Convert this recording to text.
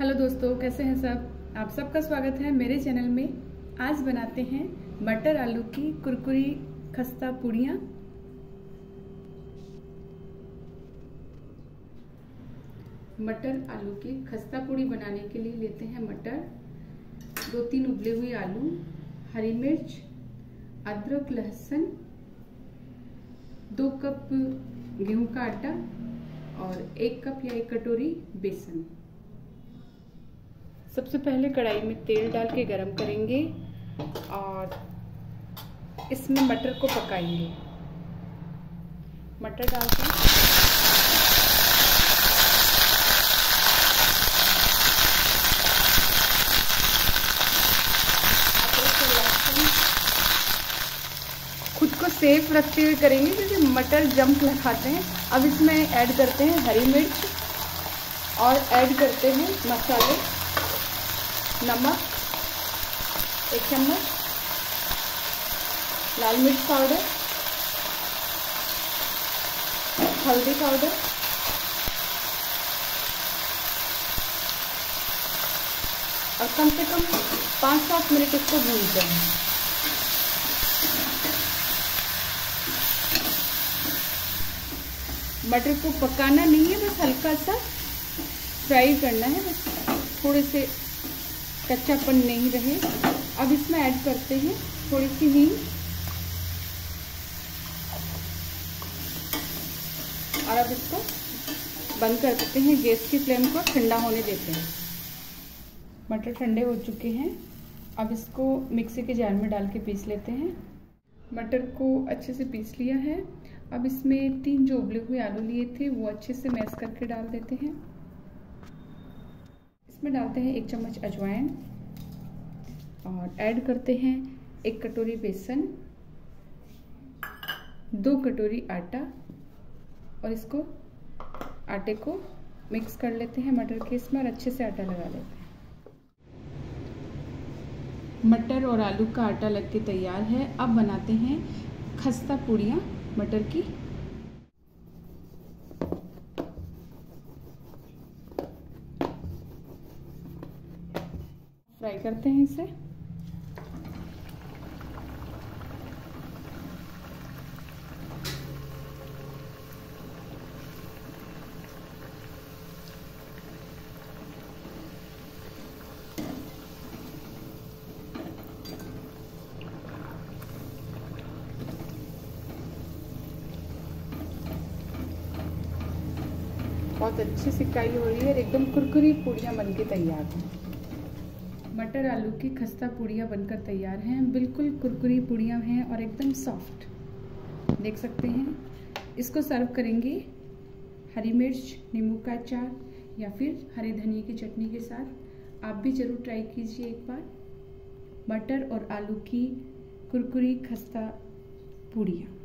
hello दोस्तों कैसे हैं सब आप सबका स्वागत है मेरे चैनल में आज बनाते हैं मटर आलू की कुरकुरी खस्ता पूड़ियाँ मटर आलू की खस्ता पूड़ी बनाने के लिए लेते हैं मटर दो तीन उबले हुए आलू हरी मिर्च अदरक लहसुन दो कप गेहूं का आटा और एक कप या एक कटोरी बेसन सबसे पहले कढ़ाई में तेल डाल के गरम करेंगे और इसमें मटर को पकाएंगे मटर डाल के खुद को सेफ रखते हुए करेंगे क्योंकि मटर जंप लगाते हैं अब इसमें ऐड करते हैं हरी मिर्च और ऐड करते हैं मसाले नमक एक चम्मच लाल मिर्च पाउडर हल्दी पाउडर और कम से कम पाँच सात मिनट इसको भूनते हैं मटर को पकाना नहीं है बस हल्का सा फ्राई करना है बस थोड़े से कच्चापन नहीं रहे अब इसमें ऐड करते हैं थोड़ी सी ही और अब इसको बंद कर देते हैं गैस की फ्लेम को ठंडा होने देते हैं मटर ठंडे हो चुके हैं अब इसको मिक्सी के जार में डाल के पीस लेते हैं मटर को अच्छे से पीस लिया है अब इसमें तीन जो उबले हुए आलू लिए थे वो अच्छे से मैश करके डाल देते हैं इसमें डालते हैं एक चम्मच अजवाइन और ऐड करते हैं एक कटोरी बेसन दो कटोरी आटा और इसको आटे को मिक्स कर लेते हैं मटर के इसमें और अच्छे से आटा लगा लेते हैं मटर और आलू का आटा लग के तैयार है अब बनाते हैं खस्ता पूड़ियाँ मटर की फ्राई करते हैं इसे बहुत अच्छी सिकाई हो रही है और एकदम कुरकुरी पूड़ियाँ बन के तैयार हैं मटर आलू की खस्ता पूड़ियाँ बनकर तैयार हैं बिल्कुल कुरकुरी पूड़ियाँ हैं और एकदम सॉफ्ट देख सकते हैं इसको सर्व करेंगे हरी मिर्च नींबू का अचार या फिर हरे धनिए की चटनी के साथ आप भी ज़रूर ट्राई कीजिए एक बार मटर और आलू की कुरकुरी खस्ता पूड़ियाँ